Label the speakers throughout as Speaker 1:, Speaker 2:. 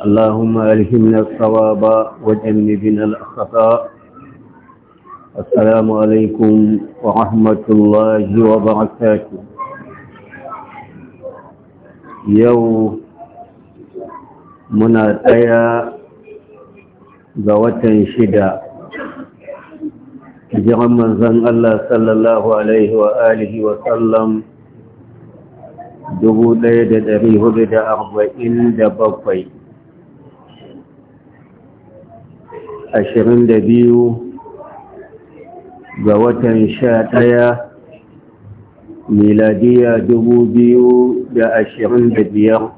Speaker 1: اللهم ألهمنا الصواب وجنبنا الأخطاء السلام عليكم ورحمة الله وبركاته يوم muna tsaya ga watan shida jiran manzan Allah sallallahu Alaihi wa alihi wa sallam bakwai. ashirin da biyu ga watan sha ɗaya miladiya dubu biyu da ashirin da biyar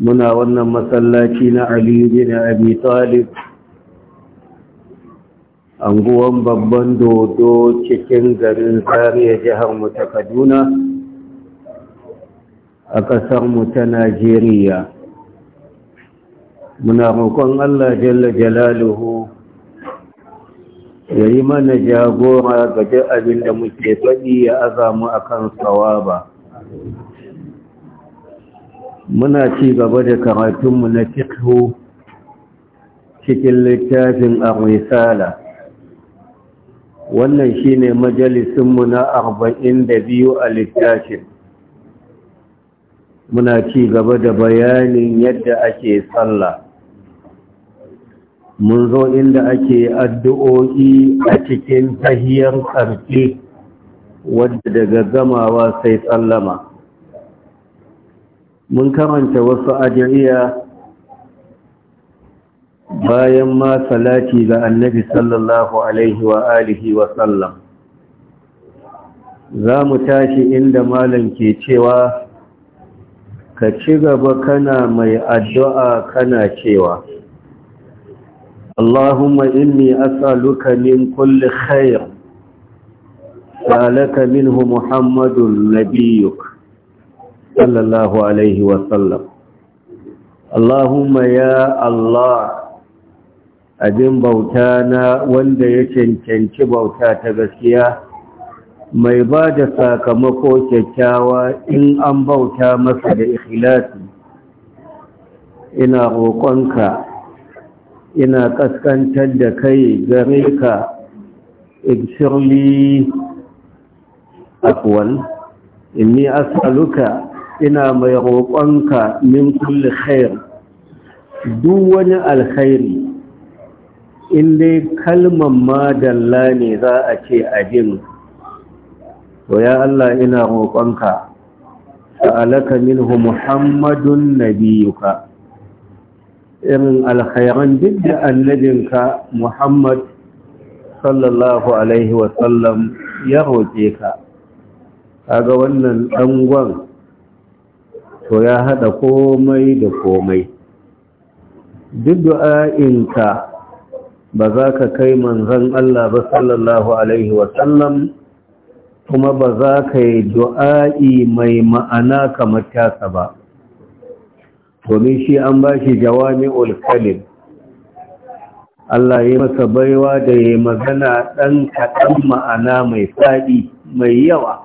Speaker 1: muna wannan masallaci na aliyu bin abi talib anguwan babban dodo cikin garin zariya jihar mu ta kaduna a ƙasar mu ta najeriya muna roƙon Allah jalla jalaluhu ya yi mana jagora ga duk abin da muke faɗi ya azamu akan sawaba muna ci gaba da karatunmu na fiqhu cikin littafin ar-risala wannan shine majalisinmu na arba'in da biyu a littafin muna ci gaba da bayanin yadda ake sallah mun zo inda ake addu'o'i a cikin tahiyar ƙarfi wadda daga gamawa sai tsallama mun karanta wasu ajiyar bayan ma salati ga annabi sallallahu alaihi wa alihi wa sallam za mu tashi inda malam ke cewa ka ci gaba kana mai addu'a kana cewa اللهم إني أسألك من كل خير سألك منه محمد نبيك صلى الله عليه وسلم اللهم يا الله abin bauta na wanda ya cancanci bauta ta gaskiya mai ba da sakamako kyakkyawa in an bauta masa da ikhlasi ina roƙonka ina kaskantar da kai gare ka ibshirli akwal inni as'aluka ina mai roƙonka min kulli khair duk wani alkhairi in dai kalmar madalla ne za a ce ajin to ya Allah ina roƙonka sa'alaka minhu muhammadun nabiyuka irin alkhairan duk da annabinka Muhammad sallallahu alaihi sallam ya roƙe ka kaga wannan dangon to ya hada komai da komai duk ka ba za ka kai manzon Allah ba sallallahu alaihi sallam kuma ba za ka yi du'a'i mai ma'ana kamar tasa ba tomi shi an ba shi jawami ulkalin Allah ya masa baiwa da ya magana ɗan kaɗan ma'ana mai faɗi mai yawa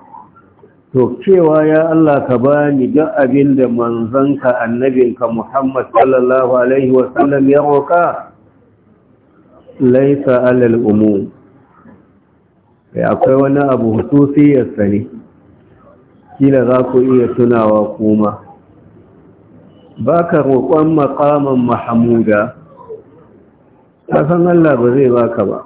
Speaker 1: to cewa ya Allah ka bani don abin da manzanka annabinka Muhammad sallallahu alaihi wasallam ya roƙa laisa alal umu. akwai wani abu ya sani? kila za ku iya tunawa kuma baka roƙon makaman mahamuda ƙasan Allah ba zai baka ba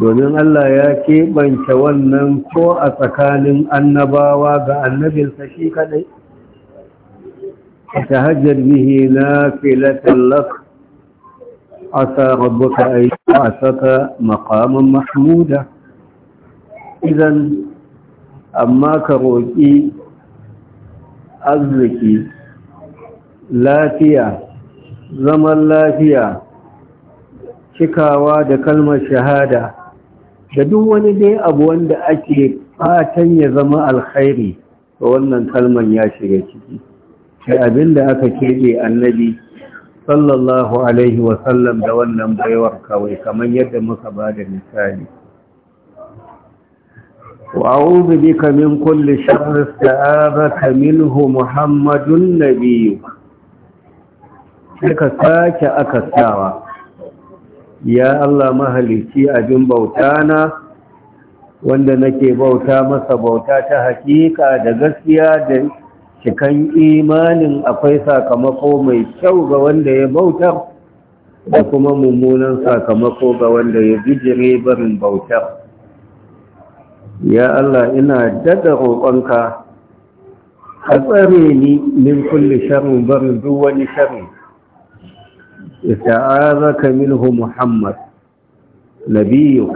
Speaker 1: domin Allah ya keɓance wannan ko a tsakanin annabawa ga annabinsa shi kaɗai ta hajjar mihi na filatan lak a sarabbuka aiki a saka maƙaman mahamuda idan amma ka roƙi arziki lafiya zaman lafiya cikawa da kalmar shahada da duk wani dai abu wanda ake fatan ya zama alkhairi to wannan kalmar ya shiga ciki
Speaker 2: sai abinda aka keɓe
Speaker 1: annabi sallallahu alaihi wasallam da wannan baiwar kawai kamar yadda muka ba da misali وأعوذ بك من كل شر استعاذك منه محمد النبي
Speaker 2: suka sake akasawa
Speaker 1: ya Allah mahalicci abin bauta na wanda nake bauta masa bauta ta hakika da gaskiya da cikan imanin akwai sakamako mai kyau ga wanda ya bauta da kuma mummunan sakamako ga wanda ya bi direbarin bautar ya Allah ina daga roƙonka ka tsare ni min kulle sharin barin duk wani sharin. sharri ista'azaka minhu Muhammad nabiyuk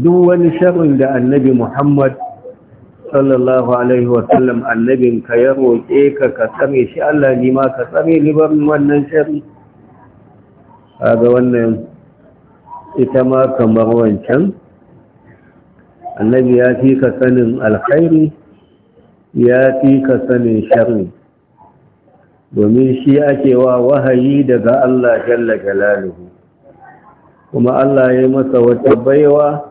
Speaker 1: duk wani sharin da annabi Muhammad sallallahu alaihi wa sallam annabin ya roƙe ka ka tsare shi Allah ni ma ka tsare ni barin wannan sharin. A ga wannan ita ma kamar wancan annabi ya fi ka sanin alkhairi ya fi ka sanin sharri domin shi ake wa wahayi daga Allah jalla jalaluhu kuma Allah ya masa wata baiwa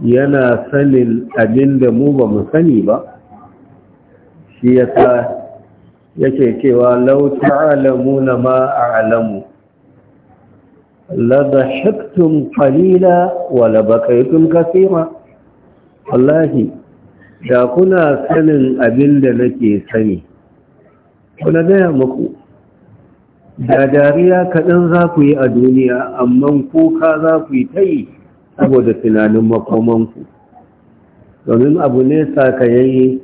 Speaker 1: yana sanin abin da mu ba mu sani ba shi ya yasa yake cewa law ta'lamuna ma a'lamu la dhahaktum qalila wa la bakaytum kaseera wallahi da kuna sanin abin da nake sani kuna gaya muku da dariya kaɗan za ku yi a duniya amma kuka za ku yi ta yi saboda tunanin makomanku domin abu ne sakayayye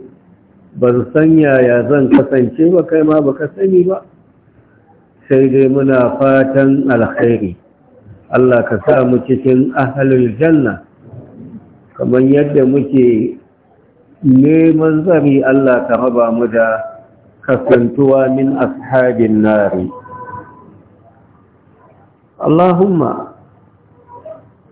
Speaker 1: ba su san yaya zan kasance ba kai ma ba ka sani ba sai dai muna fatan alkhairi Allah ka sa mu cikin ahalul janna kamar yadda muke neman zari Allah ta raba mu da kasantuwa min ashabin nari Allahumma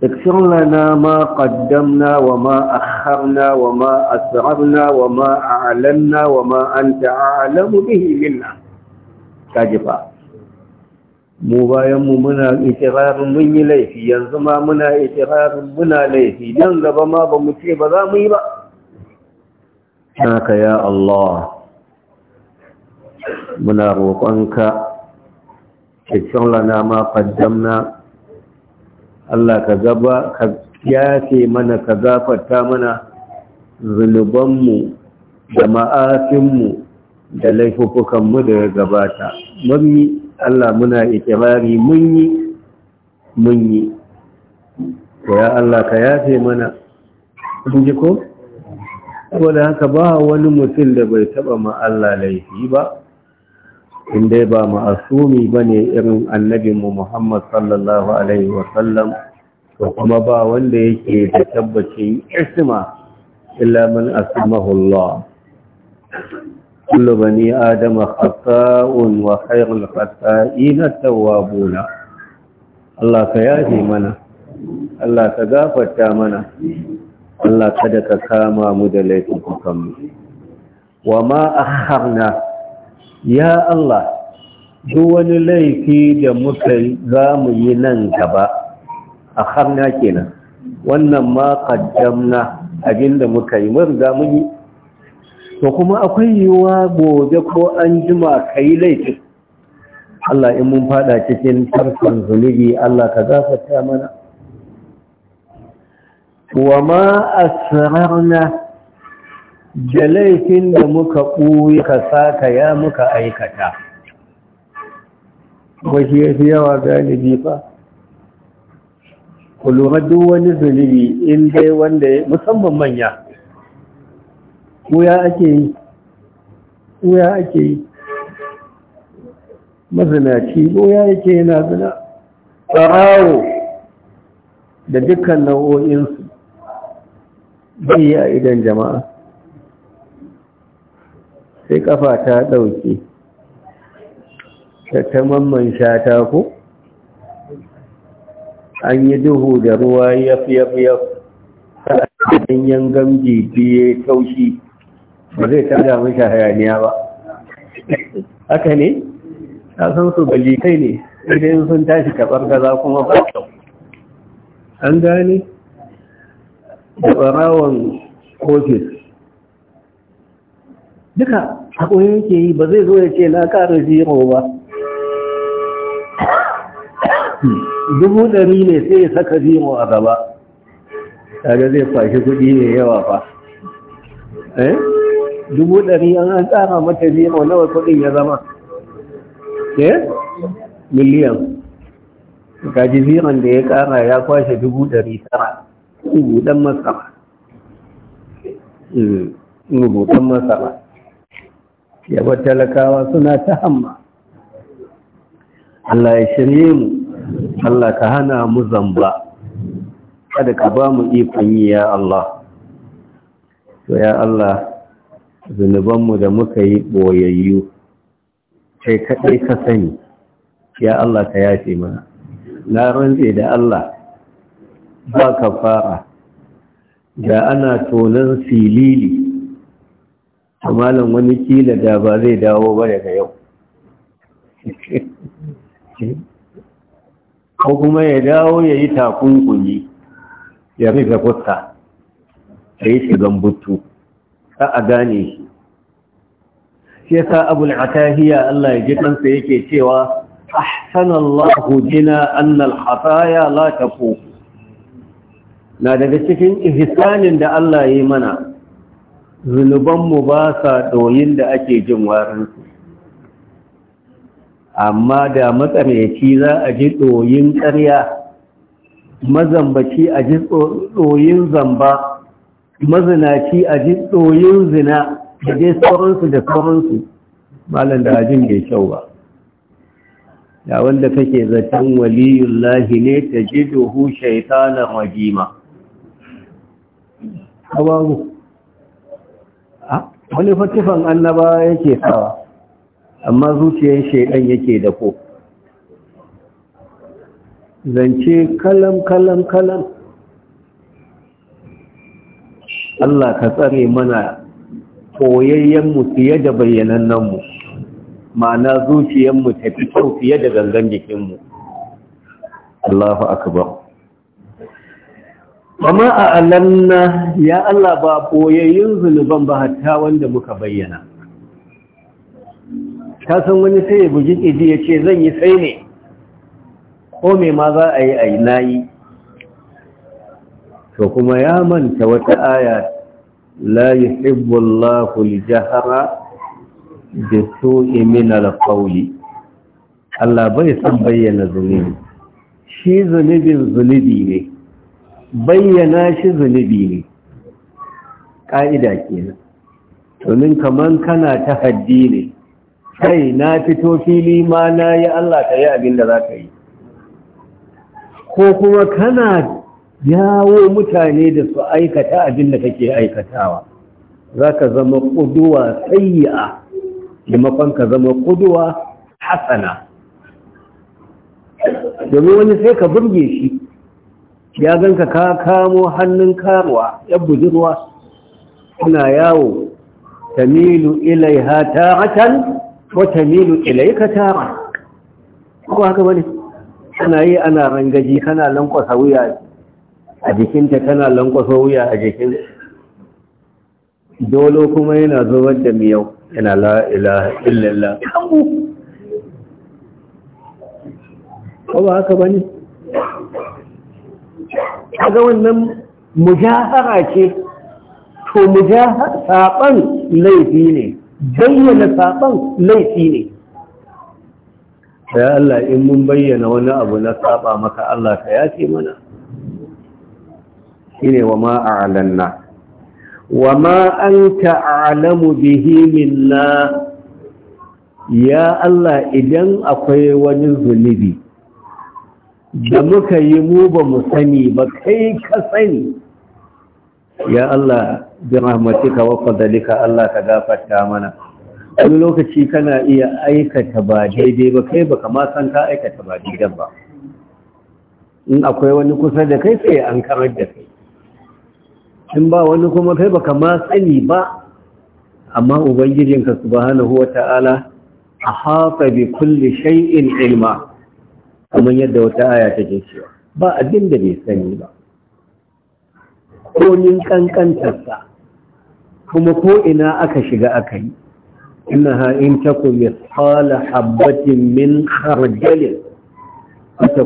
Speaker 1: اغفر لنا ما قدمنا وما أخرنا وما أسررنا وما أعلنا وما أنت أعلم به منا كاجبا mu bayan mu muna ikirarin mun yi laifi yanzu ma muna ikirarin muna laifi dan gaba ma ba mu ce ba za mu yi ba haka ya Allah muna roƙonka cikin lana ma faddamna Allah ka gaba ka yafe mana ka zafata mana mu da mu da mu da ya gabata mun Allah muna ikirari mun yi mun yi ya Allah ka yafe mana kun ji ko saboda haka ba wani mutum da bai taba ma Allah laifi ba inda ba ma'asumi bane irin mu Muhammad sallallahu alaihi wa sallam to kuma ba wanda yake da tabbacin isma illa man asmahu Allah كل بني آدم خطاء وخير الخطائين التوابون الله كياتي منا الله كغافت منا الله كدك كاما مدليتكم وما أخرنا يا الله duk ليك laifi da muka za أخرنا كنا وانما قدمنا a harna kenan wannan ma to kuma akwai yiwuwa gobe ko an jima ka yi laifin Allah in mun fada cikin tarkon zunubi Allah ka gafarta mana wa ma asrarna da laifin da muka ɓuyi ka saka ya muka aikata wasu ya fi yawa galibi ba ku lura duk wani zunubi in dai wanda musamman manya koya ake yi koya ake yi mazinaci koya yake yana zina tsarawo da dukkan nau'o'insu bai a idan jama'a sai kafa ta ɗauke ta mamman shata ko an yi duhu da ruwa yaf yaf yaf ta yangan jibi ya taushi ba zai tada mishi hayaniya ba haka ne ta san su balikai ne idan sun tashi kabar gaza kuma ba kyau an gane da barawon kofis duka haƙoyi yake yi ba zai zo ya ce na ƙara zero ba dubu ɗari ne sai ya saka zero a gaba tare zai kwashi kuɗi ne yawa fa eh dubu ɗari an an tsara mata biyan nawa kuɗin ya zama ɗaya? Eh? miliyan ga jiziran da ya ƙara ya kwashe dubu ɗari tara ɗan masara ɗan hmm. masara yabar talakawa suna ta hamma Allah ya shirye mu Allah ka hana mu zamba kada ka ba mu ikon yi ya Allah to ya Allah zunubanmu da muka yi ɓoyayyu sai kaɗai ka sani ya Allah ka yafe mana na rantse da Allah ba ka fara da ana tonon silili malam wani kila da ba zai dawo ba daga yau ko kuma ya dawo ya yi takunkuni ya rufe kusa ya yi shigan butu a gane shi shi yasa abul atahiya Allah ya ji kansa yake cewa ahsanallahu bina annal hataya la tafu na daga cikin ihsanin da Allah ya yi mana zunubanmu ba sa doyin da ake jin su amma da matsanaci za a ji doyin ƙarya mazambaci a ji ɗoyin zamba mazinaci a ji tsoyin zina da dai sauransu da sauransu malam da ajin bai kyau ba da wanda kake zaton waliyun lahi ne ta ji duhu shaitanar wajima a wani fatifan annaba yake sawa amma zuciyar shaidan yake da ko zance kalam kalam kalam Allah ka tsare mana mu fiye da mu ma'ana zuciyar ta fi kyau fiye da gangan jikinmu Allahu akbar amma a alanna ya Allah ba koyayyin zunuban ba hatta wanda muka bayyana ka san wani sai ya buji ƙiji ya zan yi sai ne ko me ma za a yi a yi na yi to kuma ya manta wata aya la yuhibbu Allahu al-jahra bi su'i min al-qawli Allah bai san bayyana zunubi shi zunubin zunubi ne bayyana shi zunubi ne Ka'ida kenan domin kaman kana ta haddi ne kai na fito fili ma na yi Allah ta yi abin da za ka yi ko kuma kana Yawo mutane da su aikata abin da kake aikatawa za ka zama kuduwa a, limakon ka zama ƙuduwa hasana domin wani sai ka burge shi ya ganka ka kamo hannun karuwa ya budurwa suna yawo tamilu ilaiha ta'atan wa tamilu ka ta'an ko haka bane ana yi ana rangaji kana lankwasa wuya a jikinta tana lankwaso wuya a jikin dolo kuma yana zubar da miyau yana la'ila illallah ko ba haka ba ne ga wannan mujahara ce to mujahara saban laifi ne bayyana saban laifi ne ya Allah in mun bayyana wani abu na saɓa maka Allah ka yace mana shine wa ma a'lanna wa ma anta a'lamu bihi minna ya Allah idan akwai wani zunubi da muka yi mu ba mu sani ba kai ka sani ya Allah bi rahmatika wa fadlika Allah ka gafarta mana wani lokaci kana iya aikata ba daidai ba kai baka ma san ka aikata ba daidai ba in akwai wani kusa da kai sai an karar da kai in ba wani kuma kai baka ma sani ba amma ubangijinka subhanahu wata'ala a hafa bi kulli shay'in ilma kuma yadda wata aya ta cewa ba abin da bai sani ba komin kankantarsa kuma ko ina aka shiga aka yi innaha in takum misqala habbatin min khardalin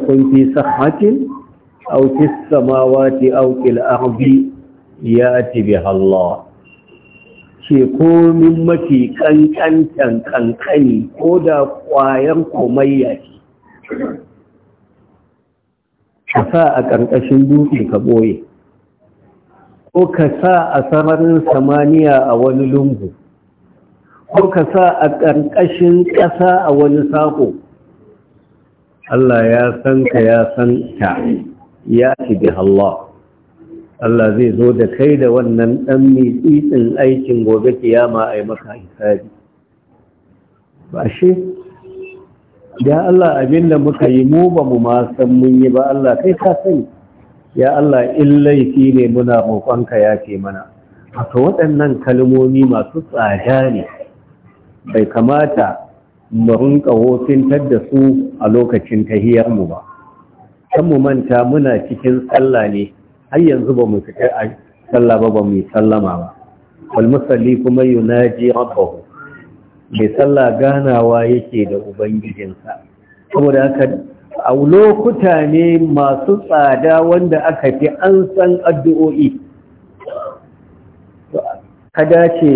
Speaker 1: kun fi sahhatin auki fis samawati aw fil ya tibi Allah ce komin mafi kankantan kankani ko da kwayan komayya ce ka sa a ƙarƙashin dutse ka ɓoye ko ka sa a samarin samaniya a wani lungu ko ka sa a ƙarƙashin ƙasa a wani sako. Allah ya san ka ya san ta ya ci Allah Allah zai zo da kai da wannan ɗan mitsitsin aikin gobe kiyama a yi maka hisabi ba shi ya Allah abin da muka yi mu ba mu ma san mun yi ba Allah kai ka sani ya Allah in laifi ne muna roƙonka ya ce mana haka waɗannan kalmomi masu tsada ne bai kamata mu rinka hofintar da su a lokacin mu ba kan mu manta muna cikin tsalla ne har yanzu ba mu fita a sallah ba ba mu sallama ba wal musalli kuma yunaji rabbahu mai sallah ganawa yake da ubangijinsa saboda haka a lokuta ne masu tsada wanda aka fi an san addu'o'i ka dace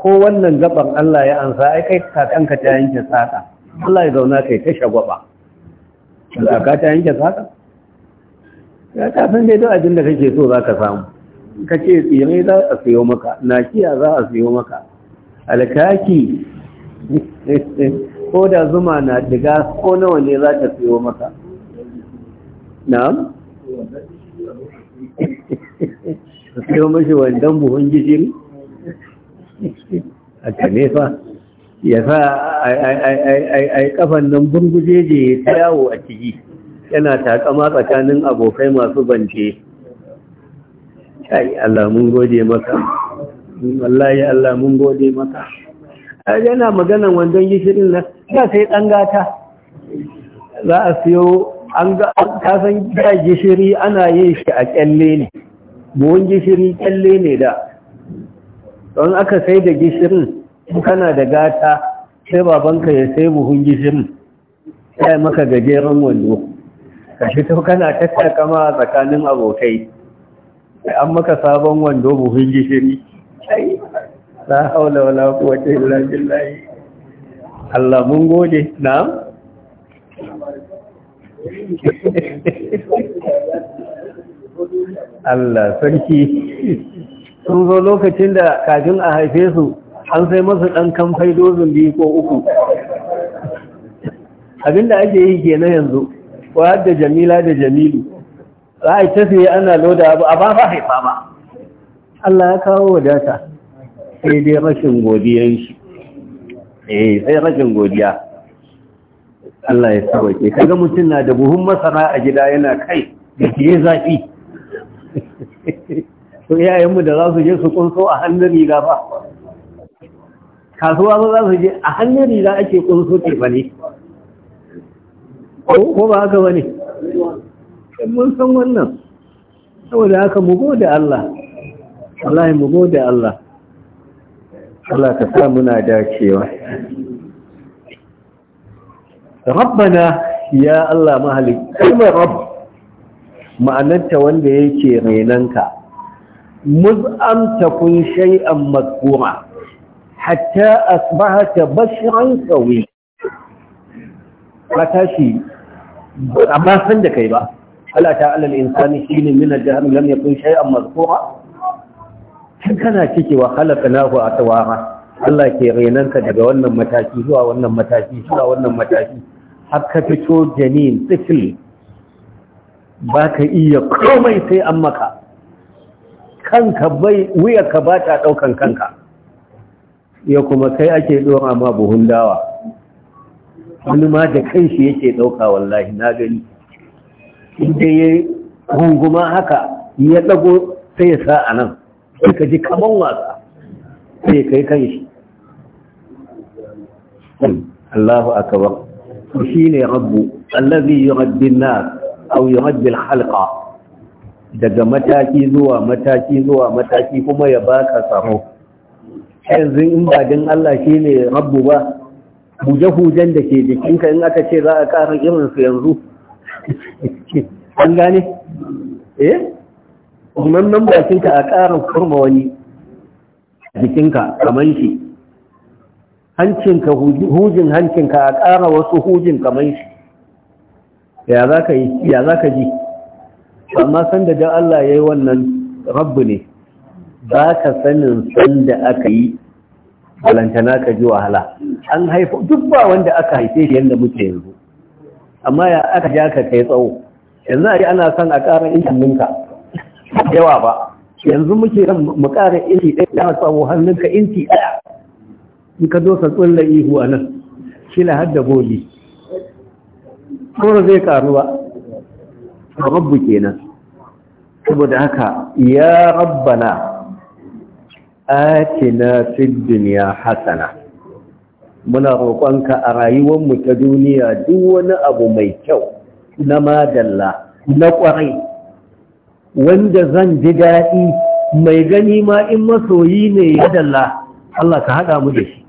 Speaker 1: ko wannan gaban Allah ya ansa ai kai kakanka ta yanke saka Allah ya zauna kai ta shagwaba ka ta yanke saka ya kafin dai duk abin da kake so za ka samu ka ce tsire za a siyo maka nakiya za a siyo maka alkaki ko da zuma na diga ko nawa ne za ta siyo maka na'am siyo mashi wandan buhun gishiri a kanefa ya sa a kafan nan burgujeje ya yawo a ciki yana ma tsakanin abokai masu bance kai Allah mun gode maka wallahi Allah mun gode maka yana maganan wandon gishirin nan ya sai dan gata za a siyo an ga san gida gishiri ana yin shi a kyalle ne buwan gishiri kyalle ne da don aka sai da gishirin kana da gata sai babanka ya sai buhun gishirin sai maka gajeren wando ka shi to kana tattakama tsakanin abokai an maka sabon wando buhun gishiri Na haula wala quwwata illa billah Allah mun gode na Allah sarki sun zo lokacin da kafin a haife su an sai masu ɗan kamfai dozin biyu ko uku abinda ake yi ke na yanzu ko da jamila da jamilu za a yi ta sai ana loda abu a ba haifa ba Allah ya kawo wadata sai dai rashin godiyan shi eh sai rashin godiya Allah ya sauke kaga mutum na da buhun masara a gida yana kai da ke zafi to iyayenmu da za su je su kunso a hannun riga ba kasuwa ba za su je a hannun riga ake kunso tefane ko ba haka bane mun san wannan saboda haka mu gode Allah wallahi mu gode Allah Allah ka sa muna dacewa rabbana ya Allah mahalik kalmar rabb ma'anarta wanda yake renanka muz'am takun shay'an madhkura hatta asbahata bashran sawi ka tashi amma san da kai ba Allah ta alal insani shine min al-jahannam lam yakun shay'an mazkura tun kana cike wa khalaqnahu atwara Allah ke renanka daga wannan mataki zuwa wannan mataki zuwa wannan mataki har ka fito janin tsikil ba iya komai sai an maka kanka bai ka ba ta ɗaukan kanka ya kuma kai ake ɗora ma buhun dawa wani ma da kanshi yake ɗauka wallahi na gani inda ya runguma haka ya ɗago sai ya sa a nan sai ka ji kaman wasa sai ka kai kanshi Allahu ku shi ne rabbu allazi yi an na au yi al daga mataki zuwa mataki zuwa mataki kuma ya baka tsaro yanzu in ba din Allah shi ne rabbu ba huje-hujen da ke jikinka in aka ce za a ƙara irinsu yanzu an gane? eh? umarnan bakinka a ƙara kurma wani jikinka kamar shi hancinka hujin hancinka a ƙara wasu hujin kamar shi ya za ka ji amma sanda da Allah ya yi wannan rabu ne ba ka sanin sanda aka yi balantana ka ji wahala an haifo duk ba wanda aka haife shi yadda muke yanzu amma ya aka ja ka kai tsawo yanzu a ana son a ƙara injin ninka yawa ba yanzu muke son mu ƙara inci ɗaya ya tsawo hannunka inci ɗaya in ka sa tsulla ihu a nan shi na hadda boli sauran zai ƙaruwa. ba a rabbu kenan saboda haka ya rabbana atina fid dunya hasana muna roƙonka a rayuwar mu ta duniya duk wani abu mai kyau na madalla na ƙwarai wanda zan ji daɗi mai gani ma in masoyi ne ya dalla Allah ka haɗa mu da shi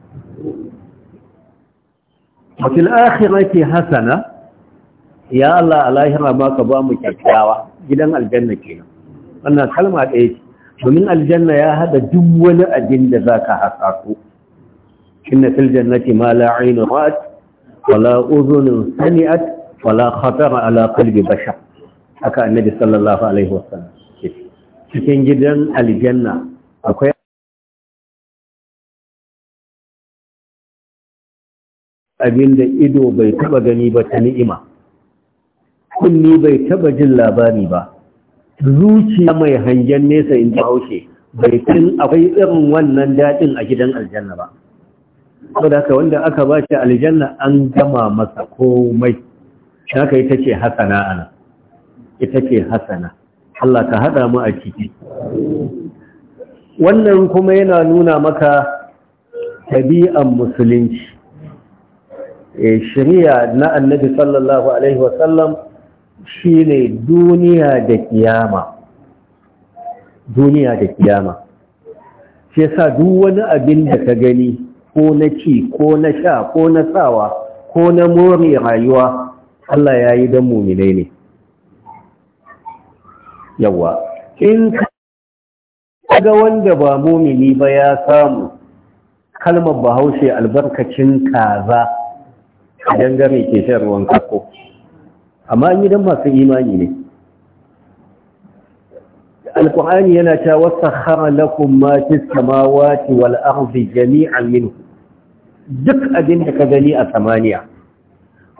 Speaker 1: wakil akhirati hasana ya Allah a lahira ma ka ba mu kyakkyawa gidan aljanna kenan wannan kalma ɗaya ce domin aljanna ya hada duk wani abin da za ka hasaso inna fil jannati ma la aynu ra'at wa la udhunu sami'at wa la khatara ala qalbi bashar haka annabi sallallahu alaihi wa sallam. cikin gidan aljanna akwai abin da ido bai taba gani ba ta ni'ima kunni bai taba jin labari ba zuciya mai hangen nesa in ji haushe bai tun akwai irin wannan daɗin a gidan aljanna ba sau da wanda aka ba shi aljanna an gama masa komai yi ta ce hasana ana ita ce hasana Allah ka haɗa mu a ciki wannan kuma yana nuna maka tabi'an musulunci eh, shari'a na annabi sallallahu alaihi wasallam shine duniya da kiyama duniya da kiyama shi yasa duk wani abin da ka gani ko na ci ko na sha ko na sawa ko na more rayuwa Allah ya yi don muminai ne yawa in ga wanda ba mumini ba ya samu kalmar bahaushe albarkacin kaza a ke shan ruwan kako amma an yi don masu imani ne alkuhani yana ta wasa hara lakun matis samawati wal arzi jami'an minhu duk abin da ka gani a samaniya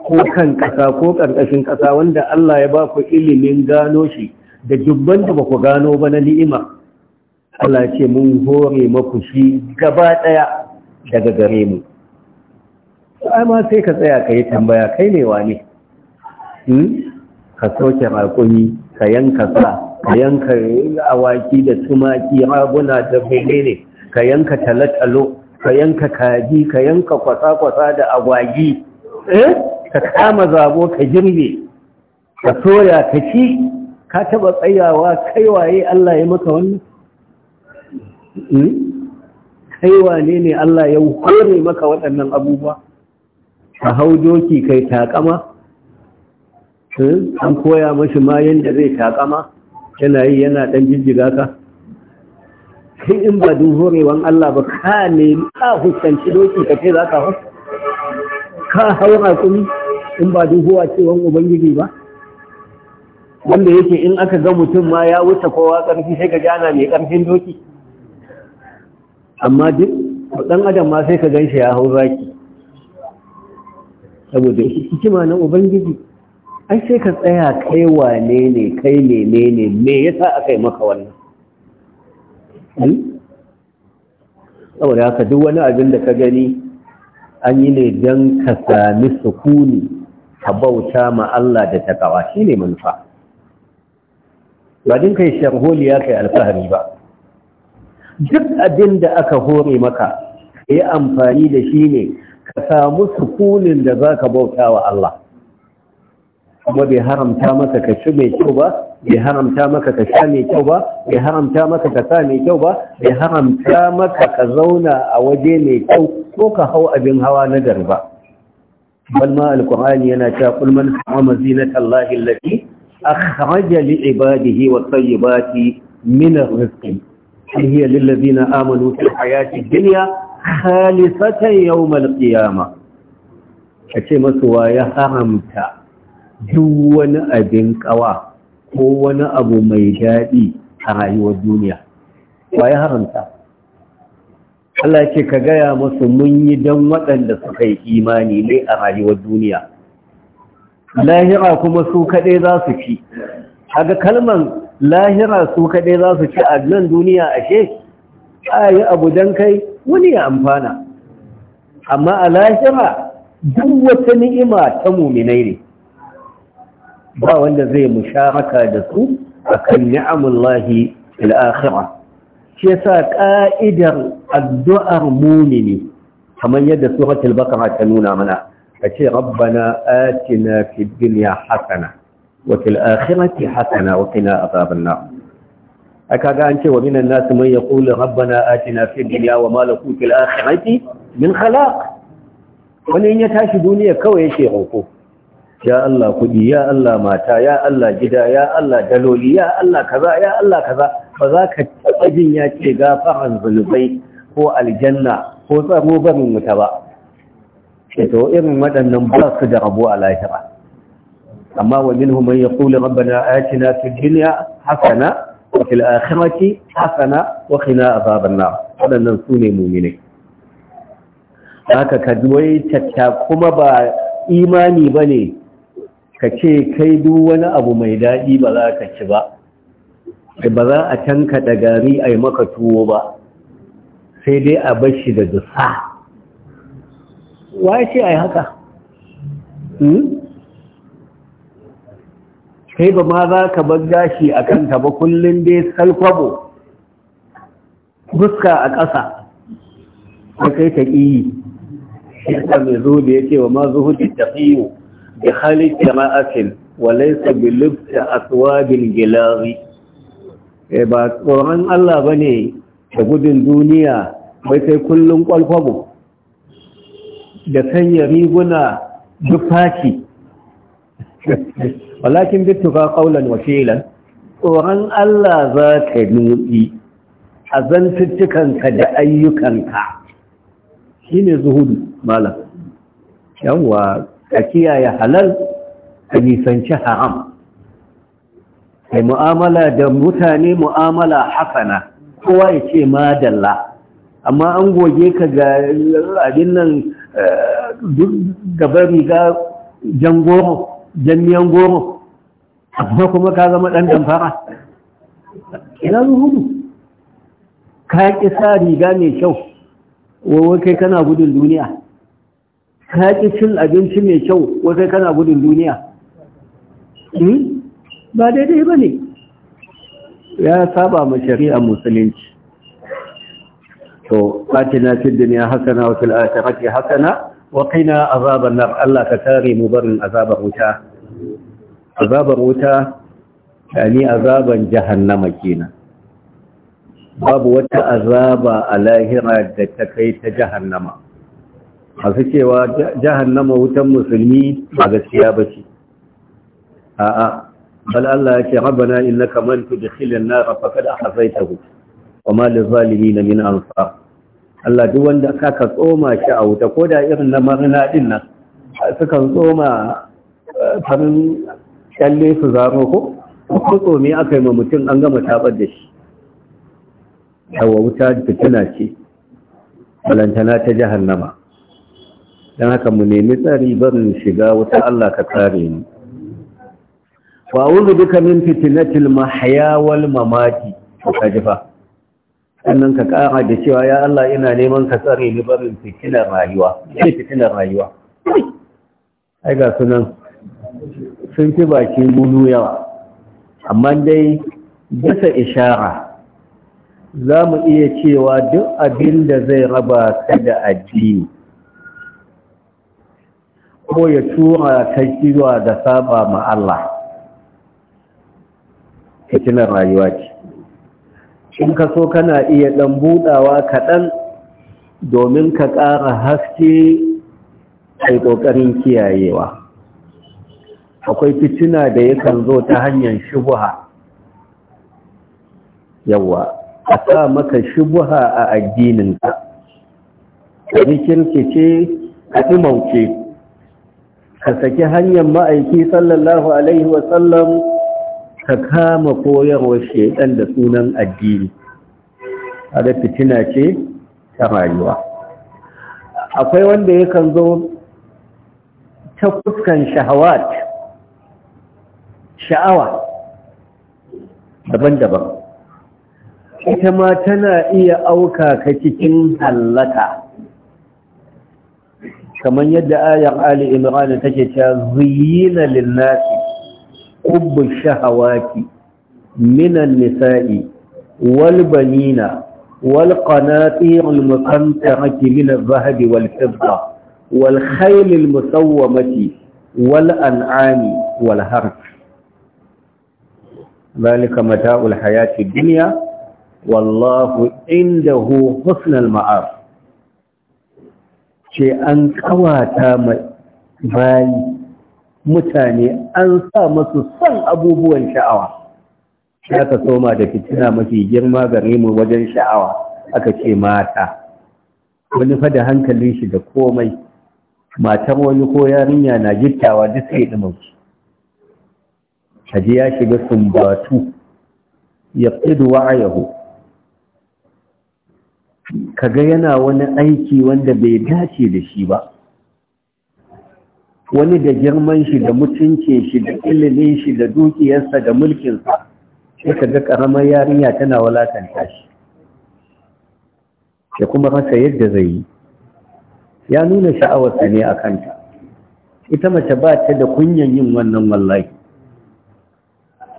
Speaker 1: ko kan ƙasa ko ƙarƙashin ƙasa wanda Allah ya ba ku ilimin gano shi da dubban da ba ku gano ba na ni'ima Allah ce mun hore maku shi gaba ɗaya daga gare mu sai sai ka tsaya ka yi tambaya kai ne wane Hmm? ka soke raƙumi ka yanka sa ka yanka awaki da tumaki raguna da menene ka yanka talatalo ka yanka kaji ka yanka kwasa-kwasa da agwagi eh ka kama zabo ka jirbe ka soya ka ci ka taba tsayawa kaiwaye Allah ya maka wannan hmm? wane ne Allah ya hore maka waɗannan abubuwa ka hau doki kai takama Hmm? an koya mashi ma yadda zai takama yana yi yana ɗan jijjiga ka sai in ba dun Allah ba ka ne ka fuskanci doki ka kai za ka hau ka haura kuma in ba duhuwa ce wani ubangiji ba wanda yake in aka ga mutum ma ya wuce kowa ƙarfi sai ka jana mai ƙarfin doki amma duk ɗan adam ma sai ka gan shi ya hau zaki saboda hikima na ubangiji ai sai ka tsaya kai wane ne kai menene me yasa aka yi maka wannan hmm? saboda haka duk wani abin da ka gani an yi ne don ka sami sukuni ka bauta ma Allah da takawa shi ne manufa ba kai sharholi ya kai alfahari ba duk abin da aka hore maka ka amfani da shi ne ka samu sukunin da za ka bauta wa Allah kuma bai haramta maka ka ci mai kyau ba bai haramta maka ka sha mai kyau ba bai haramta maka ka sa mai kyau ba bai haramta maka ka zauna a waje mai kyau ko ka hau abin hawa na garba bal ma alqur'ani yana cewa qul man harrama zinata allahi allati akhraja li ibadihi wa tayyibati min ar-rizqi hiya lil ladina amanu fil hayati dunya khalisatan yawm al-qiyamah kace masu wa ya haramta duk wani abin kawa ko wani abu mai daɗi a rayuwar duniya ya haramta Allah ce ka gaya masu mun yi don waɗanda suka yi imani ne a rayuwar duniya lahira kuma su kaɗai za su ci haga kalman lahira su kaɗai za su ci a nan duniya ashe a yi abu don kai wani ya amfana amma a lahira duk wata ni'ima ta muminai ne ba wanda zai musharaka da su akan ni'amullahi fil akhirah shi sa ka'idar addu'ar mumini kamar yadda suratul bakara ta nuna mana kace rabbana atina fid dunya hasana wa fil hasana wa qina adhaban nar a ga an ce wa minan nas man yaqulu rabbana atina fid dunya wa ma lahu min khalaq wani ya tashi duniya kawai yake roko ya Allah kuɗi ya Allah mata ya Allah gida ya Allah daloli ya Allah kaza ya Allah kaza ba za ka taɓa jin ya ce gafaran zunubai ko aljanna ko tsaro barin wuta ba to irin waɗannan ba su da rabo a lahira amma wa minhum man yaqulu rabbana atina fid dunya hasana wa fil akhirati hasana wa qina adhaban nar waɗannan su ne mu'minai haka ka duwai tatta kuma ba imani bane ka ce kai duk wani abu mai daɗi ba za ka ci ba ba za a canka da gari a yi maka tuwo ba sai dai a bashi da dusa shi a yi haka hmm? kai ba ma za ka bar gashi a kanta ba kullum dai salkwabo Buska a ƙasa ko kai ta ƙi yi shi mai zo da ya ce wa ma zuhudin tafiyo بحال hali jama'atin wa laysa bi libta aswabil gilari eh ba tsoron Allah bane da gudun duniya bai kai kullun kwalkwabo da sanya riguna duk fashi walakin bittuka qawlan wa fi'lan tsoron Allah za ka nutsi a zantuttukanka da ayyukanka shi ne zuhudu malam yawwa ka kiyaye halal ka nisanci haram kai mu'amala da mutane mu'amala hasana kowa ya ce madalla amma an goge ka ga abin nan eh, duk gaba riga jan goro jami'an goro amma kuma ka zama ɗan damfara ina ruhudu ka ƙi sa riga mai kyau wawai kai kana gudun duniya ka ƙi cin abinci mai kyau wasai kana gudun duniya hmm? ba daidai ba ne ya saba ma shari'a musulunci to atina fid dunya hasana wa fil hasana wa kaina azabar na. Allah ka tare mu barin azabar wuta azabar wuta ni azaban jahannama kenan babu wata azaba a lahira da ta kai ta jahannama A masu cewa jahannama wutan musulmi a gaskiya ba ce a'a bal Allah ya ce rabbana innaka man tudkhilin nar faqad ahsaytahu wa ma lizalimin min ansar Allah duk wanda kaka tsoma shi a wuta ko da irin na marina din nan sukan tsoma eh, farin kyalle su zaro ko ko tsomi aka yi ma mutum an gama tabar da shi yawa wuta fitina ce balantana ta jahannama don haka mu nemi tsari barin shiga wuta Allah ka tsare mu wa wuzu duka min fitnatil mahya wal mamati ka jifa sannan ka kara da cewa ya Allah ina neman ka tsare ni barin fitinar rayuwa ni rayuwa ai ga sunan sun fi bakin gudu yawa amma dai bisa ishara za mu iya cewa duk abin da zai raba ka da addini ko ya tura ta zuwa da saba ma Allah fitinar rayuwa ce in ka so kana iya ɗan buɗawa kaɗan domin ka ƙara haske a ƙoƙarin kiyayewa akwai fitina da yakan zo ta hanyar shubuha yawa a sa maka shubuha a addininka ka rikirkice a ɗimauke ka saki hanyar ma'aiki sallallahu alaihi wasallam ka kama koyarwar shaidan da sunan addini a fitina ce ta rayuwa akwai wanda yakan zo ta fuskan shahawat sha'awa daban-daban ita ma tana iya auka ka cikin hallaka kamar yadda ayar ali imran take cewa zuyina lin-nasi hubbu shahawati minan nisa'i wal banina wal qanatir al-muqantarati min adh-dhahabi wal fidda wal khayl al-musawwamati wal an'ami wal harth ذلك hayati duniya الدنيا inda hu husnan المعاف ce an kawata bayi mutane an sa masu son abubuwan sha'awa shi aka soma da fitina mafi girma gare mu wajen sha'awa aka ce mata wani fa da hankalin shi da komai matar wani ko yarinya na gittawa duk sai haji ya shiga sumbatu ya fidu wa'ayahu kaga yana wani aiki wanda bai dace da shi ba wani da girman shi da mutuncin shi da ilimin shi da dukiyarsa da mulkinsa sai kaga karamar yarinya tana walakanta shi ya kuma rasa yadda zai yi ya nuna sha'awarsa ne a kanta ita mace ba ta da kunyan yin wannan wallahi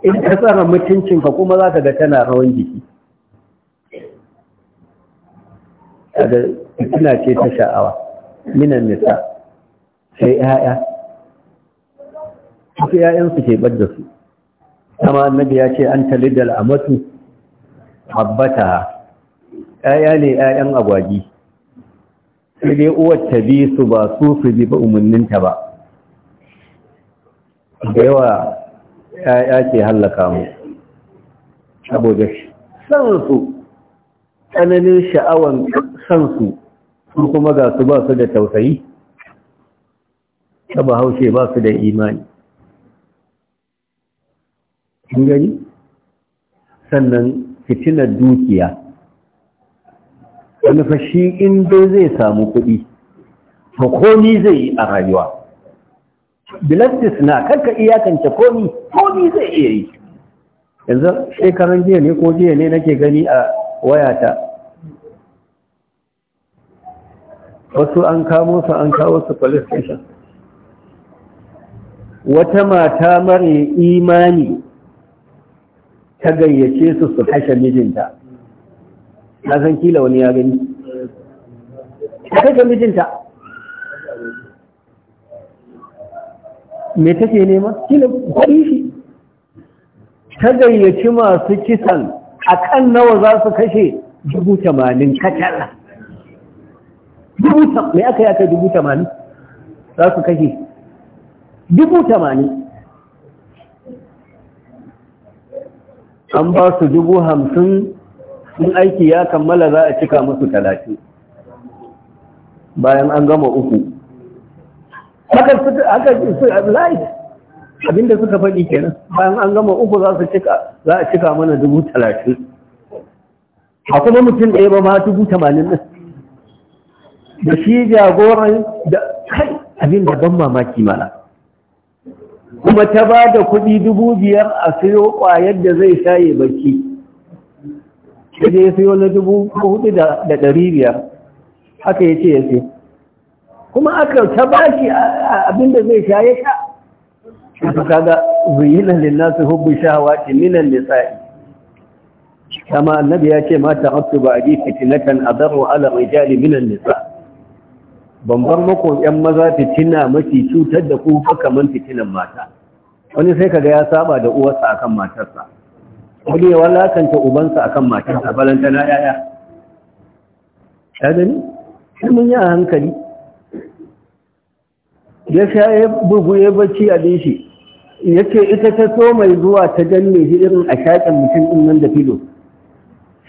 Speaker 1: in ka tsara mutuncinka kuma za ka ga tana rawan jiki kaga fitila ce ta sha'awa minan nisa sai ya'ya su ya'yan su ke da su amma annabi ya ce an talidal amatu habbata ya'ya ne ya'yan agwagi sai dai uwar ta bi su ba su su bi ba umarninta ba da yawa ya'ya ke hallaka mu saboda san su tsananin sha'awan kansu sun kuma ga su ba su da tausayi ta bahaushe ba su da imani kin gani sannan fitinar dukiya wani fashi inda zai samu kuɗi to komi zai yi a rayuwa bilastis na karka iyakance komi komi zai iya yi yanzu shekaran jiya ne ko jiya ne nake gani a wayata wasu an kamo su an kawo su police station wata mata mare imani ta gayyace su su kashe mijinta na san kila wani ya gani ta kashe mijinta me take nema kila kuɗi shi ta gayyaci masu kisan a kan nawa za su kashe dubu tamanin katara dubu mai aka yaka dubu tamanin za su kashe dubu tamanin an ba su dubu hamsin in aiki ya kammala za a cika musu talatin bayan an gama uku haka light abinda suka faɗi kenan bayan an gama uku za su cika za a cika mana dubu talatin a kuma mutum ɗaya ba ma dubu tamanin nan da shi jagoran da kai abin da ban mamaki mana kuma ta ba da kuɗi dubu biyar a siyo ƙwayar da zai shaye baki sai ya siyo na dubu hudu da ɗari biyar haka ya ce ya ce kuma aka ta ba shi abin da zai shaye ka su kaga zuyina linnasu hubbu ce minan nisa'i kama annabi ya ce mata asu ba a ji fitinatan adarru ala rijali minan nisa'i ban bar yan maza fitina mafi cutar da ku ba kaman fitinan mata wani sai kaga ya saba da uwarsa akan matarsa wani ya walakanta ubansa akan matarsa balantana yaya ya gani sai mun yi a hankali ya sha ya bugu ya bacci a dinshi ya ce ita ta so mai zuwa ta danne shi irin a shaƙin mutum ɗin nan da filo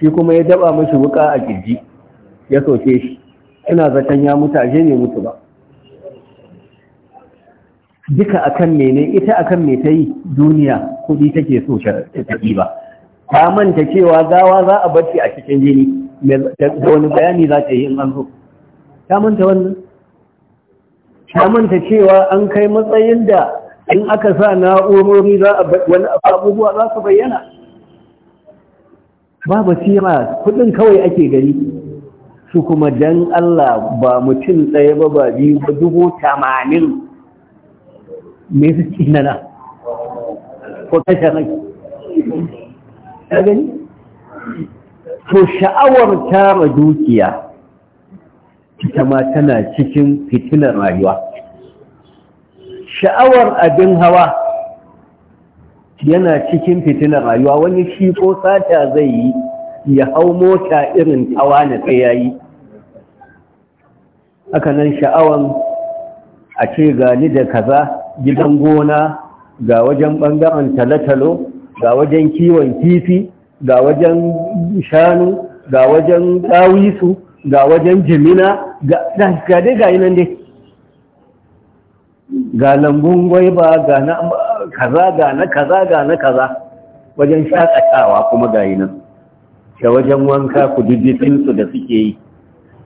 Speaker 1: shi kuma ya daba mashi wuka a kirji ya soke shi ina zaton ya mutu aje ne mutu ba duka akan mene ita akan me ta yi duniya kudi take so ta ba ta manta cewa gawa za a barci a cikin jini da wani bayani za ta yi in an zo ta manta wannan ta manta cewa an kai matsayin da in aka sa na'urori za a wani abubuwa za su bayyana ba basira kudin kawai ake gani su kuma dan Allah ba mutum ɗaya ba ba biyu ba dubu tamanin me su cinana ko kashe rai ta gani to sha'awar tara dukiya ita ma tana cikin fitinar rayuwa sha'awar abin hawa yana cikin fitinar rayuwa wani shi ko sata zai yi ya hau mota irin tsawa na sai haka nan sha'awan a ce gani da kaza gidan gona ga wajen ɓangaren talatalo ga wajen kiwon kifi ga wajen shanu ga wajen ɗawisu ga wajen jimina ga dai ga nan dai ga lambun gwaiba ga na kaza ga na kaza ga na kaza wajen shakatawa kuma ga nan da wajen wanka ku dubbitinsu da suke yi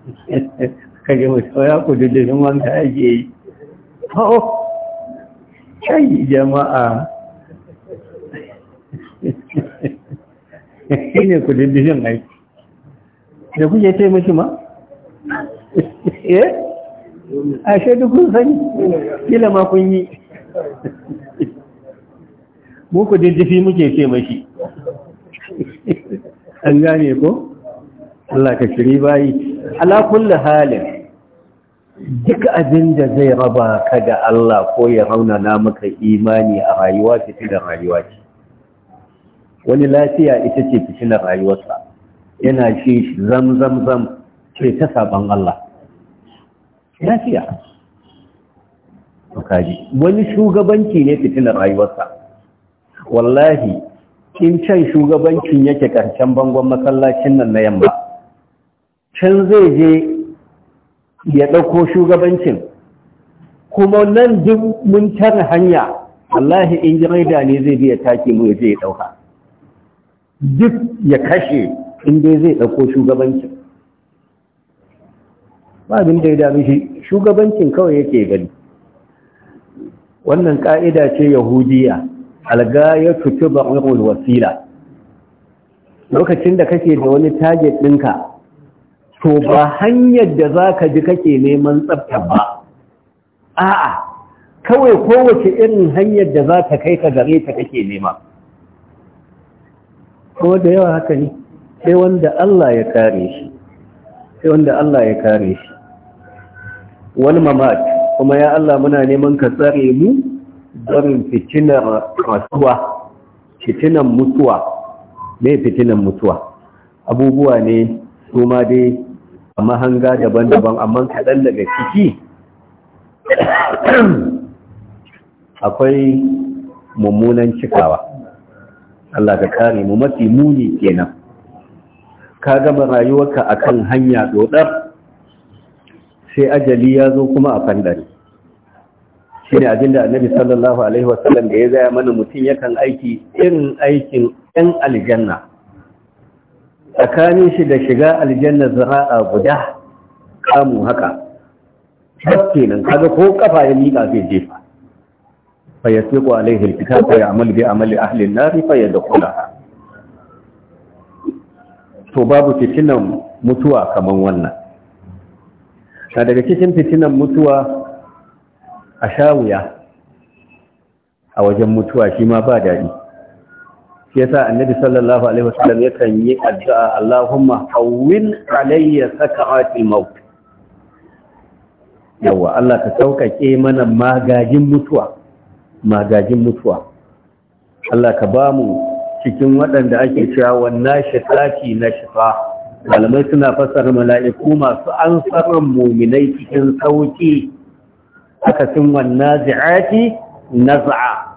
Speaker 1: kaje mai tsawaya ku duddun wanka ake yi ho kai jama'a shi ne ku aiki da kuke ce mashi ma? eh? a shaidu kun sani kila ma kun yi Mu muku diddifi muke ce mashi an gane ko? Allah ka shiri bayi ala kulli halin duk abin da zai raba ka da Allah ko ya rauna na maka imani a rayuwa da rayuwa ce wani lafiya ita ce fitinar rayuwarsa yana shi zam zam zam ce ta saban Allah lafiya kaji wani shugabanci ne fitinar rayuwarsa wallahi in can shugabancin yake karshen bangon masallacin nan na yamma can zai je ya ɗauko shugabancin kuma nan duk mun tara hanya wallahi in jarida ne zai biya take mu ya je ya ɗauka duk ya kashe in zai ɗauko shugabancin ba abin da ya dami shi shugabancin kawai yake gani wannan ƙa'ida ce yahudiya alga ya fito ba wasila lokacin da kake da wani target ɗinka to ba hanyar da za ka ji kake neman tsafta ba a'a kawai kowace irin hanyar da za ta kai ka gare ta kake nema kuma da yawa haka ne sai wanda Allah ya kare shi sai wanda Allah ya kare shi wani mamat kuma ya Allah muna neman ka tsare mu don fitinar rasuwa fitinan mutuwa me fitinan mutuwa abubuwa ne su ma dai a mahanga daban-daban amma kaɗan daga ciki akwai mummunan cikawa Allah ka kare mu mafi muni kenan ka gama rayuwarka akan hanya dodar sai ajali ya zo kuma a fandare shi ne abinda annabi sallallahu alaihi wasallam da ya zaya mana mutum yakan aiki irin aikin 'yan aljanna tsakanin shi da shiga aljanna zira'a guda kamun haka kenan kaga ko kafa ya miƙa zai jefa fa yasiqu alaihi alkitab fa ya'mal bi amali ahli an-nar fa yadkhulaha to babu fitinan mutuwa kaman wannan na daga cikin fitinan mutuwa a shawuya a wajen mutuwa shi ma ba daɗi yasa annabi sallallahu alaihi wasallam yakan yi addu'a Allahumma hawwin alayya sakaratil maut yawa Allah ka saukake mana magajin mutuwa magajin mutuwa Allah ka ba mu cikin waɗanda ake cewa wannan shifaki na shifa malamai suna fassara mala'iku masu ansarar muminai cikin sauki akasin wannan zi'ati naz'a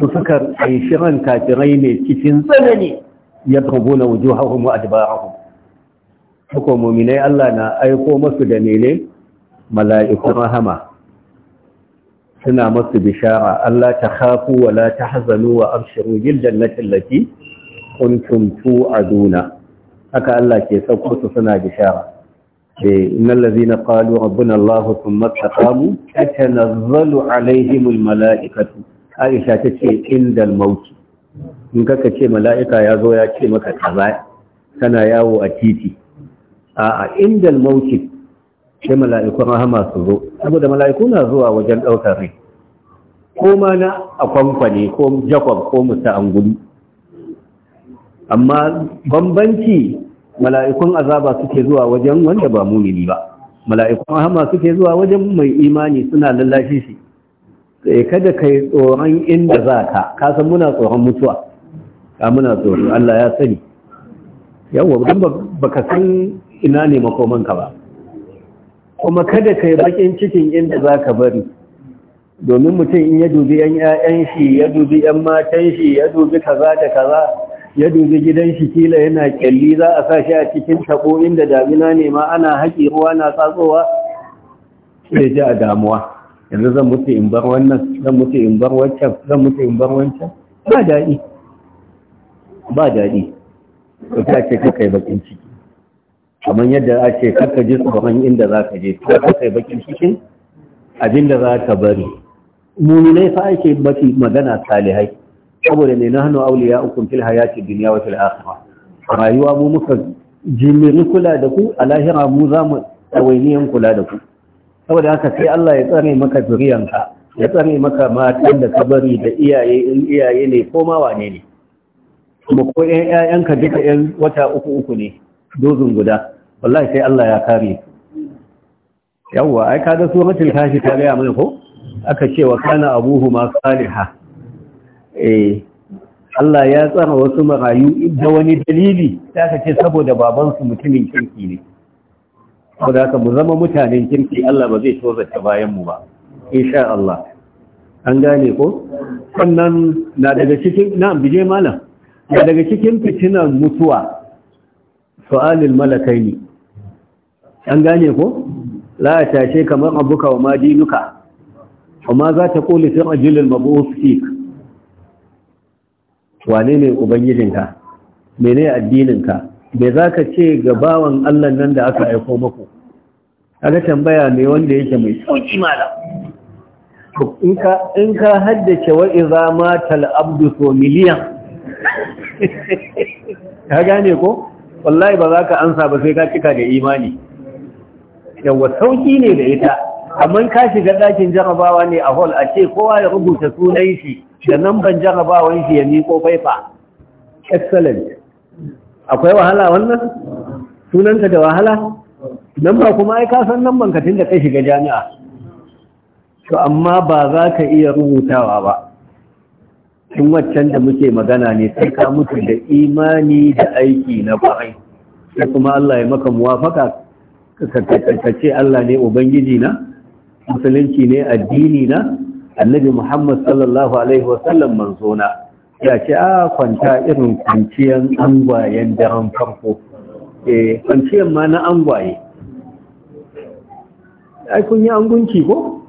Speaker 1: su suka aishi ran kafirai ne cikin tsanani ya kabuna wujuhahum wa adbarahum haka mu'minai Allah na aiko masu da nele mala'ikun rahama suna masu bishara Allah ta khafu wa la tahzanu wa abshiru bil jannati allati kuntum tu'aduna haka Allah ke sauko su suna bishara إن الذين قالوا ربنا الله ثم استقاموا تتنزل عليهم الملائكة aisha ta ce inda mauki. in kaka ce mala'ika ya zo ya ce maka kaza kana yawo a titi a inda mauki, sai mala'ikun rahama su zo saboda mala'iku na zuwa wajen ɗaukar rai ko ma na a kwamfani ko jakob ko musta gudu. amma bambanci mala'ikun azaba suke zuwa wajen wanda ba mumini ba mala'ikun rahama suke zuwa wajen mai imani suna lallashi shi Eh, kada kai tsoron inda za ka kasan muna tsoron mutuwa ka muna tsoron Allah ya sani yawon don ba ka san ina ne makomanka ba kuma kada kai bakin cikin inda za ka bari domin mutum in ya dubi yan 'ya'yan shi ya dubi yan matan shi ya dubi kaza da kaza ya dubi gidan shi kila yana kyalli za a sa shi a cikin taɓo inda damina ne ma ana haƙi ruwa na tsatsowa sai ji a damuwa yanzu zan mutu in bar wannan zan mutu in bar wancan zan mutu in bar wancan ba daɗi ba daɗi to ta ce kai bakin ciki kamar yadda a ce kakka ji tsoron inda za je to kai bakin ciki abinda zaka za ka bari muminai fa ake mafi magana salihai saboda ne na hannu auliya ukun fil hayati duniya wa fil akhirah rayuwa mu muka jimmi kula da ku a lahira mu za mu kula da ku saboda haka sai Allah ya tsare maka zuriyanka ya tsare maka matan da ka bari da iyaye in iyaye ne ko ma wane ne kuma ko ɗan ƴaƴanka duka ƴan wata uku uku ne dozin guda wallahi sai Allah ya kare yawwa ai ka kaga suratul kashi ta ga mana ko aka ce wa kana ma saliha eh Allah ya tsara wasu marayu da wani dalili ta ka ce saboda babansu mutumin kirki ne ko da haka mu zama mutanen kirki Allah ba zai ta bayan mu ba insha Allah an gane ko sannan na daga cikin na bije malam na daga cikin fitinan mutuwa su'alil malakaini an gane ko la tashe kamar abuka wa madinuka amma za ta kula sai ajilil mabusi wane ne ubangijinka mene addininka Me za ka ce ga bawan Allah nan da aka aiko maku aka tambaya ne wanda yake mai sauki mala in ka haddace wa iza matal abdu so miliyan ka gane ko wallahi ba za ka ansa ba sai ka cika da imani yawa sauki ne da ita amma ka shiga ɗakin jarabawa ne a hall a ce kowa ya rubuta sunan shi da namban jarabawan shi ya miko faifa excellent akwai wahala wannan sunanta da wahala nan ba kuma ai kasan nan bankatin da kai shiga jami'a to amma ba za ka iya rubutawa ba in waccan da muke magana ne sai ka mutu da imani da aiki na kwarai sai kuma Allah ya maka muwafaka ka ce Allah ne ubangiji na musulunci ne addini na annabi Muhammad sallallahu alaihi wasallam na. ya ce a kwanta irin kwanciyar angwayen daren farko eh kwanciyar ma na angwaye ai kun yi angunci ko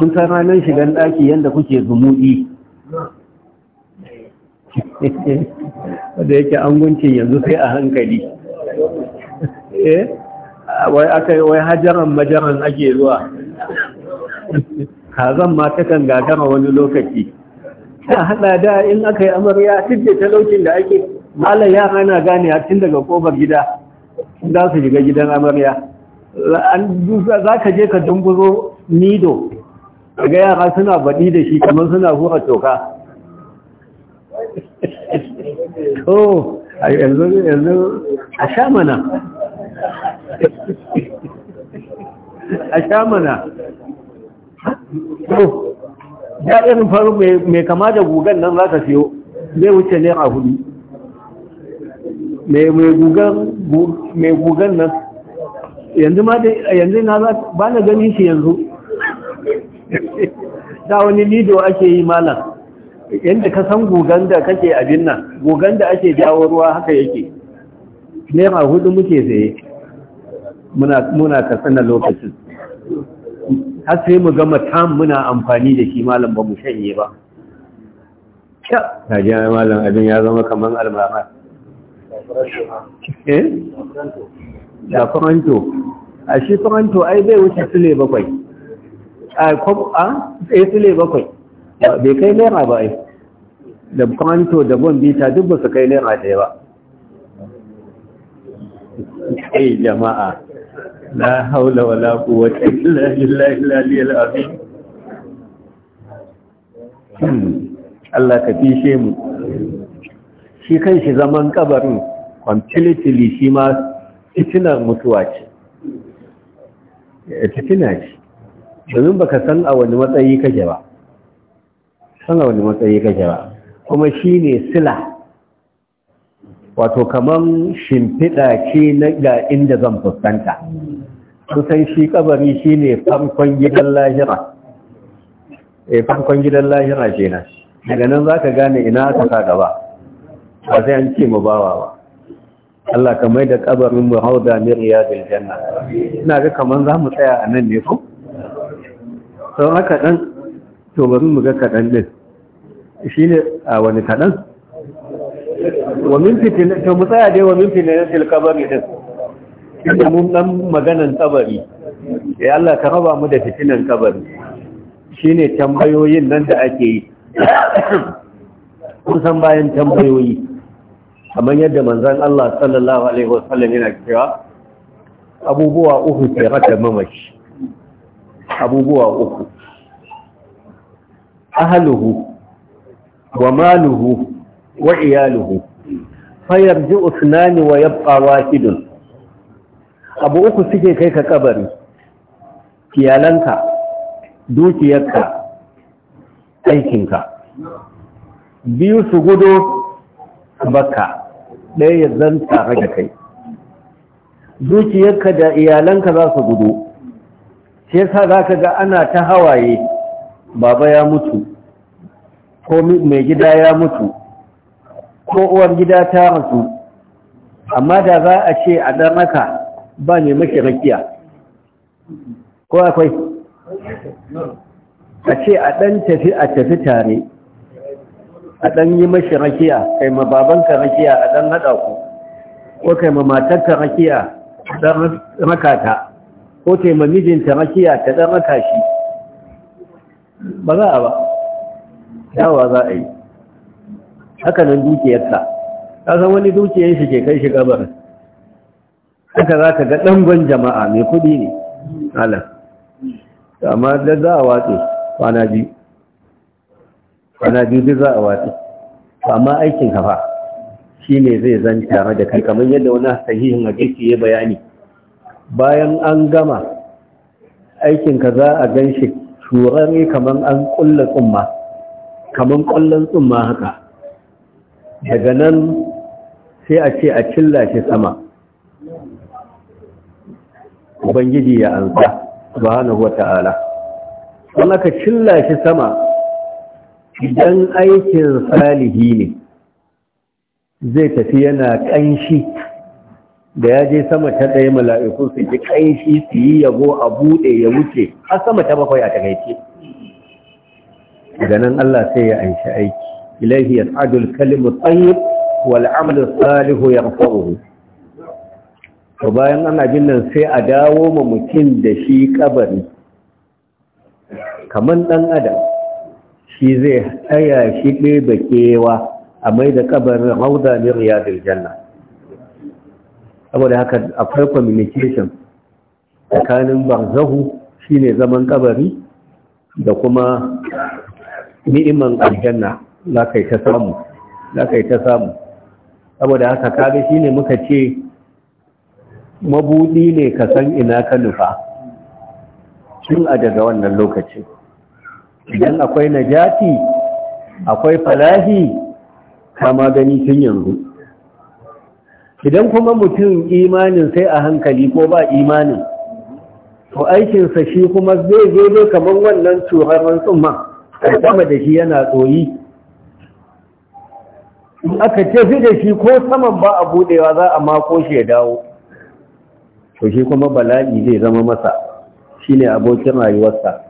Speaker 1: kun san ranar shigan daki yadda kuke zumuɗi wadda yake anguncin yanzu sai a hankali eh, wai hajjaran wai hajaran majaran ake zuwa kazan ma takan gagara wani lokaci ta hada da in aka yi amarya duk ta talaucin da ake malam yara na gane a tun daga kofar gida za su shiga gidan amarya za ka je ka dumbuzo nido daga yara suna baɗi da shi kamar suna hura toka
Speaker 2: oh yanzu a sha mana a sha mana oh. ya irin
Speaker 1: faru mai kama da gugan nan za ka siyo zai wuce ne a hudu mai gugan nan yanzu ma da yanzu na ba na ganin shi yanzu da wani lido ake yi malam yadda ka san gugan da kake abin nan gugan da ake jawo ruwa haka yake a hudu muke tsaye muna kasana lokacin har sai mu gama tam muna amfani da shi malam ba mu shanye ba ta ji malam abin ya zama kaman almama eh da faranto a shi kwaranto ai bai wuce sule bakwai a kwab a sai eh, sule bakwai bai kai naira ba ai da faranto da bon bita duk ba su kai naira ɗaya ba eh jama'a la haula wala quwwata illa billahi al-aliyyil azim Allah ka fishe mu shi shi zaman kabarin completely shi ma fitinar mutuwa ce fitina ce domin baka san a wani matsayi kake ba san a wani matsayi kake ba kuma shi ne sila wato kaman shimfiɗa ce na ga inda zan fuskanta kusan shi kabari shi ne farkon gidan lahira e farkon gidan lahira ce na daga nan za ka gane ina aka sa gaba ba sai an ce mu bawa ba Allah ka mai da kabarin mu hauda min riyadil janna ina ga kaman za mu tsaya a nan ne ko sau haka dan to bari mu ga kaɗan ɗin shi ne a wani kaɗan wa min fitina ta mutsaya dai wa min fitina til kabari din inda mun maganan kabari ya eh, Allah ka raba mu da fitinan kabari shine tambayoyin nan da ake yi kusan bayan tambayoyi kamar yadda manzon Allah sallallahu alaihi wasallam yana cewa abubuwa uku ke rata mamashi abubuwa uku ahaluhu wa maluhu wa iyaluhu fayar ji usnani wa yabba wahidun abu uku suke kai ka kabari iyalanka dukiyarka aikinka biyu su gudu baka ɗaya ya zanta da kai dukiyarka da iyalanka za su gudu shi yasa za ka ga ana ta hawaye baba ya mutu ko mai gida ya mutu ko uwar gida ta rasu amma da za a ce a dan raka ba ne mashi rakiya ko akwai a ce a dan tafi a tafi tare a dan yi mashi rakiya kai ma babanka rakiya a dan hada ku ko kai ma matarka rakiya dan raka ta ko kai ma mijinta rakiya ta dan raka shi ba za a ba yawa za a yi haka nan dukiyarsa ka san wani dukiyar shi ke kai shi gabar haka za ka ga ɗangon jama'a mai kuɗi ne alam amma da za a watsi kwana biyu kwana biyu duk za a watse amma aikin kafa shi ne zai zan tare da kai kamar yadda wani sahihin hadisi ya bayani bayan an gama aikinka za a gan shi turare kamar an ƙulla tsumma kamar ƙullon tsumma haka daga nan sai a ce a cilla shi sama ubangiji ya ansa subhanahu wata'ala Wani aka cilla shi sama idan aikin salihi ne zai tafi yana ƙanshi da ya je sama ta ɗaya mala'iku su ji ƙanshi su yi yabo a buɗe ya wuce a sama ta bakwai a takaice daga nan Allah sai ya anshi aiki ilaihi yas'adu al-kalimu at-tayyib wal 'amalu as-salihu yarfa'uhu to bayan ana jin nan sai a dawo ma mutum da shi kabari Kamar dan adam shi zai tsaya shi ɗebe kewa a mai da kabarin hauda ne janna saboda haka akwai communication tsakanin barzahu shine zaman ƙabari, da kuma ni'iman aljanna za ka yi ta samu za ta samu saboda haka kaga shi ne muka ce mabuɗi ne ka san ina ka nufa Shin a daga wannan lokacin idan akwai najati akwai falahi kama gani tun yanzu idan kuma mutum imanin sai a hankali ko ba imanin to aikinsa shi kuma zai zai kamar wannan turaren tsumma sama da shi yana tsoyi in aka tafi da shi ko saman ba a budewa za a mako shi ya dawo to shi kuma bala'i zai zama masa shi ne abokin rayuwarsa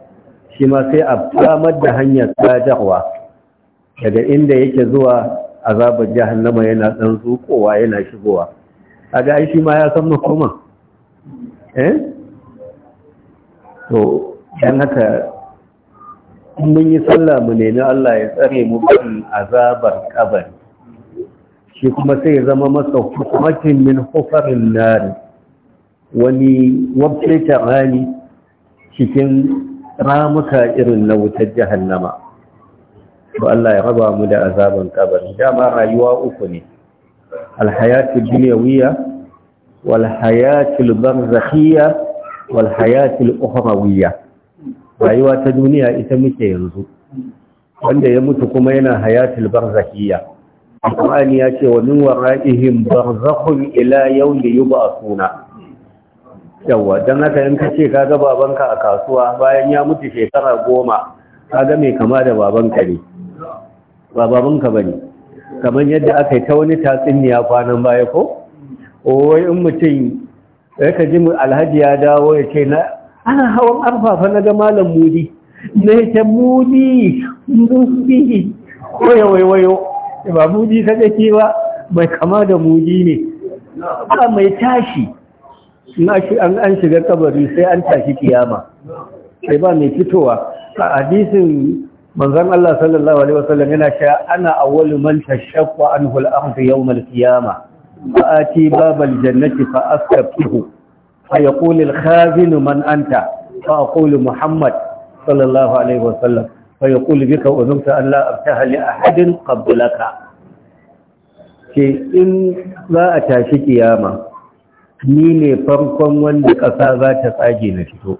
Speaker 1: shi ma sai a samar da hanyar sadarwa daga inda yake zuwa azabar jahannama yana ɗan zukowa yana shigowa a ga shi ma ya san makoma eh? to haka mun yi sallah mu nemi Allah ya tsare mu kan azabar kabari shi kuma sai ya zama masa hukumatin min hufarin nari wani wabce rani cikin ramuka irin na wutar jahannama Ba Allah ya raba mu da azaban kabari dama rayuwa uku ne alhayatul dunyawiyya wal hayatul barzakhiyya wal ukhrawiyya rayuwa ta duniya ita muke yanzu wanda ya mutu kuma yana hayatul barzakhiyya Al-Qur'ani ya ce wa min wara'ihim barzakhun ila yawmi yub'athuna yawa dan haka in kace ka ga babanka a kasuwa bayan ya mutu shekara goma ka ga mai kama da babanka ne ba babanka bane kamar yadda aka yi ta wani tatsuniya kwanan baya ko wai in mutum ya ka ji alhaji ya dawo ya ce na ana hawan arfafa na ga malam mudi na ya ce mudi mudi ko ya waiwayo ba buji ta ba mai kama da buji ne ba mai tashi an shiga kabari sai an tashi kiyama sai ba mai fitowa a hadisin manzon Allah sallallahu alaihi wasallam yana cewa ana awwalu man tashaqqa anhu al ahd yawm al-qiyama fa ati bab al-jannati fa astaftuhu fa yaqul al-khazin man anta fa aqulu muhammad sallallahu alaihi wasallam fa yaqulu bika uzumta an la abtaha li ahadin qablaka ke in za a tashi kiyama ni ne farkon wanda ƙasa za ta tsage na fito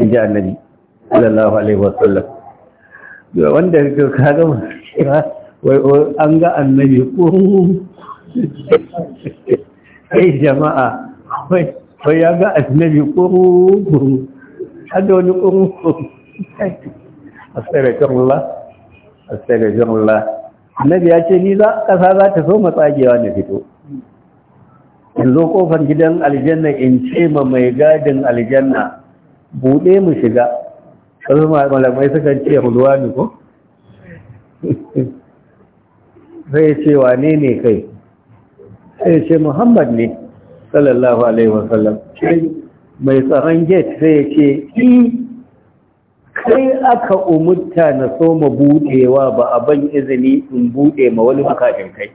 Speaker 1: in ji annabi sallallahu alaihi wasallam wanda ka ga an ga annabi ko ai jama'a wai ya ga annabi ko hada wani ƙuru astagfirullah astaghfirullah annabi ya ce ni za kasa za ta so matsagewa na fito in zo kofar gidan aljanna in ce ma mai gadin aljanna bude mu shiga sai malamai suka ce huduwa ne ko sai ce wane ne kai sai ce muhammad ne sallallahu alaihi wasallam mai tsaron gate sai ce
Speaker 2: sai aka
Speaker 1: umurta na soma buɗewa ba a ban izini in buɗe ma wani bukatun kai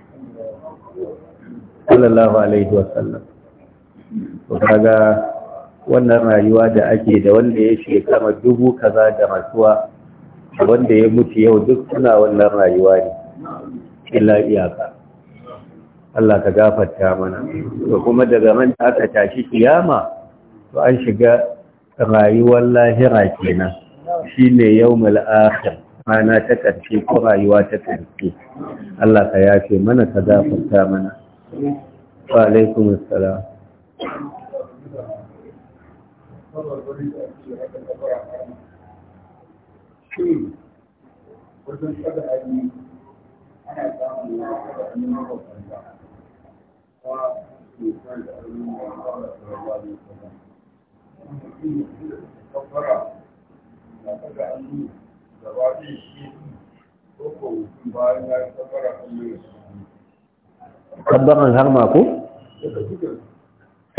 Speaker 1: sallallahu alaihi wasallam kaga wannan rayuwa da ake da wanda ya shekara dubu kaza da rasuwa wanda ya mutu yau duk suna wannan rayuwa ne illa iyaka Allah ka gafarta mana to kuma daga man aka tashi kiyama to an shiga rayuwar lahira kenan shi ne yau mal'akhir rana ta ƙarfi ko rayuwa ta ƙarfi Allah ka yafe mana ka gafarta mana wa alaikum assalam kabbaran harma mako?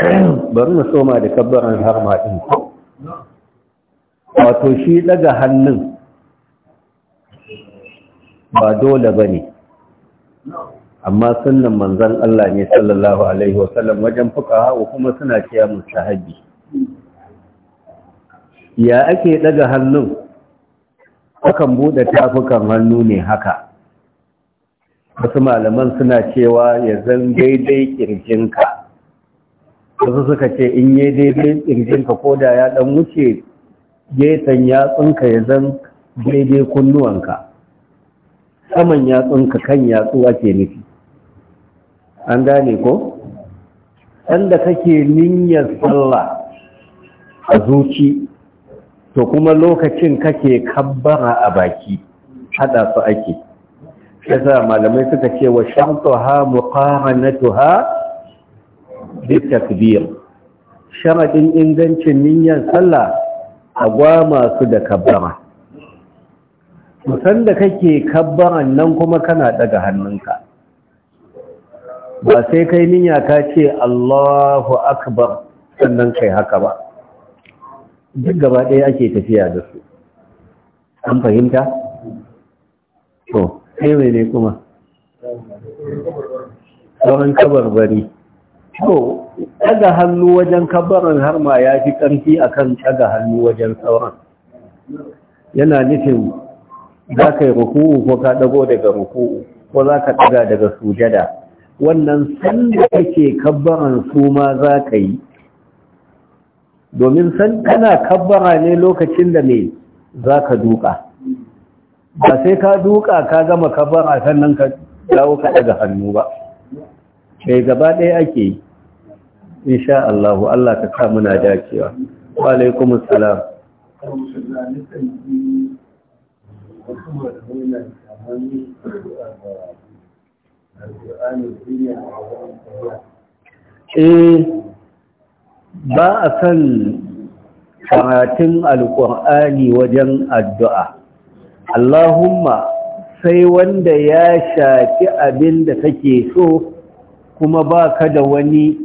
Speaker 1: bari na soma da kabbaran harma ɗin wato shi daga hannun ba dole ba ne amma sunan manzan Allah ne sallallahu Alaihi wasallam wajen fuka hawa kuma suna ciya mustahabi. ya ake daga hannun akan buɗe tafukan hannu ne haka wasu malaman suna cewa ya zan daidai kirjinka wasu suka ce in yi daidai kirjinka ko da ya dan wuce gefen yatsunka ya zan daidai kunnuwanka saman yatsunka kan yatsu ake nufi an gane ko? da kake ninyar sallah a zuci to kuma lokacin kake kabbara a baki hada su ake yasa malamai suka ce wa shartuha muqaranatuha bi takbir sharadin ingancin niyyar sallah a gwama su da kabbara musan da kake kabbaran nan kuma kana daga hannunka ba sai kai niyya ka ce Allahu akbar sannan kai haka ba duk gaba ɗaya ake tafiya da su an fahimta? to sai mai ne kuma tsawon kabarbari to ɗaga hannu wajen kabarin har ma ya fi ƙarfi akan ɗaga hannu wajen sauran yana nufin za ka yi ruku'u ko ka ɗago daga ruku'u ko za ka ɗaga daga sujada wannan sanda kake kabarin su ma za ka yi domin san kana kabbara ne lokacin da me za ka duka ba sai ka duka ka gama kabbara sannan ka dawo ka daga hannu ba sai gaba ɗaya ake yi insha Allah Allah ka sa muna dacewa wa alaikum salam eh ba a san karatun alƙur'ani wajen addu'a Allahumma sai wanda ya shafi abin da kake so kuma ba ka da wani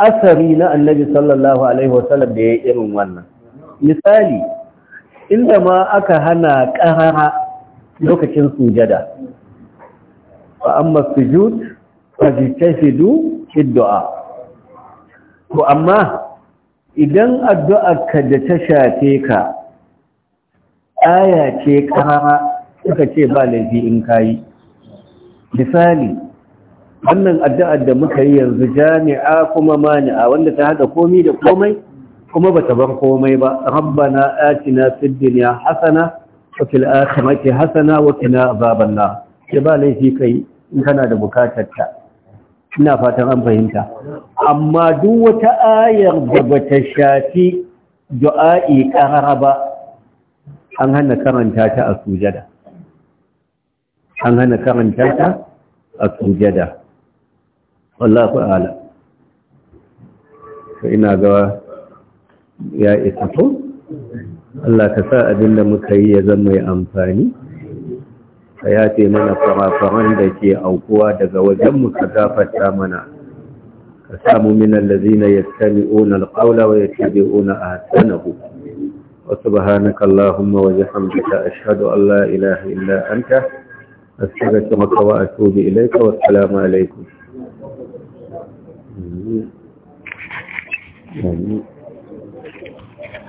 Speaker 1: asari na annabi sallallahu Alaihi wasallam da ya yi irin wannan misali inda ma aka hana ƙarara lokacin sujada fa'amma sujud fajitafidu fi du'a to amma idan addu'arka da ta shafe ka aya ce kama suka ce ba laifi in kayi misali wannan addu'ar da muka yi yanzu jami'a kuma mani'a wanda ta haɗa komai da komai kuma bata bar komai ba rabbana atina fid dunya hasana wa fil akhirati hasana wa qina azaban nar ke ba laifi kai in kana da bukatar ta ina fatan an fahimta amma duk wata ayar da bata shafi du'a'i karara ba an hana karanta ta a sujada an hana karanta ta a sujada wallahu a'lam to ina ga ya isa to Allah ka sa abin da muka yi ya zama ya amfani ka mana farafaran da ke aukuwa daga wajenmu ka gafarta mana ka samu min allazina yastami'una alqawla wa yattabi'una ahsanahu wa subhanaka allahumma wa bihamdika ashhadu an la ilaha illa anta astaghfiruka wa atubu ilayka wa assalamu alaykum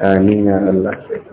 Speaker 2: amin ya allah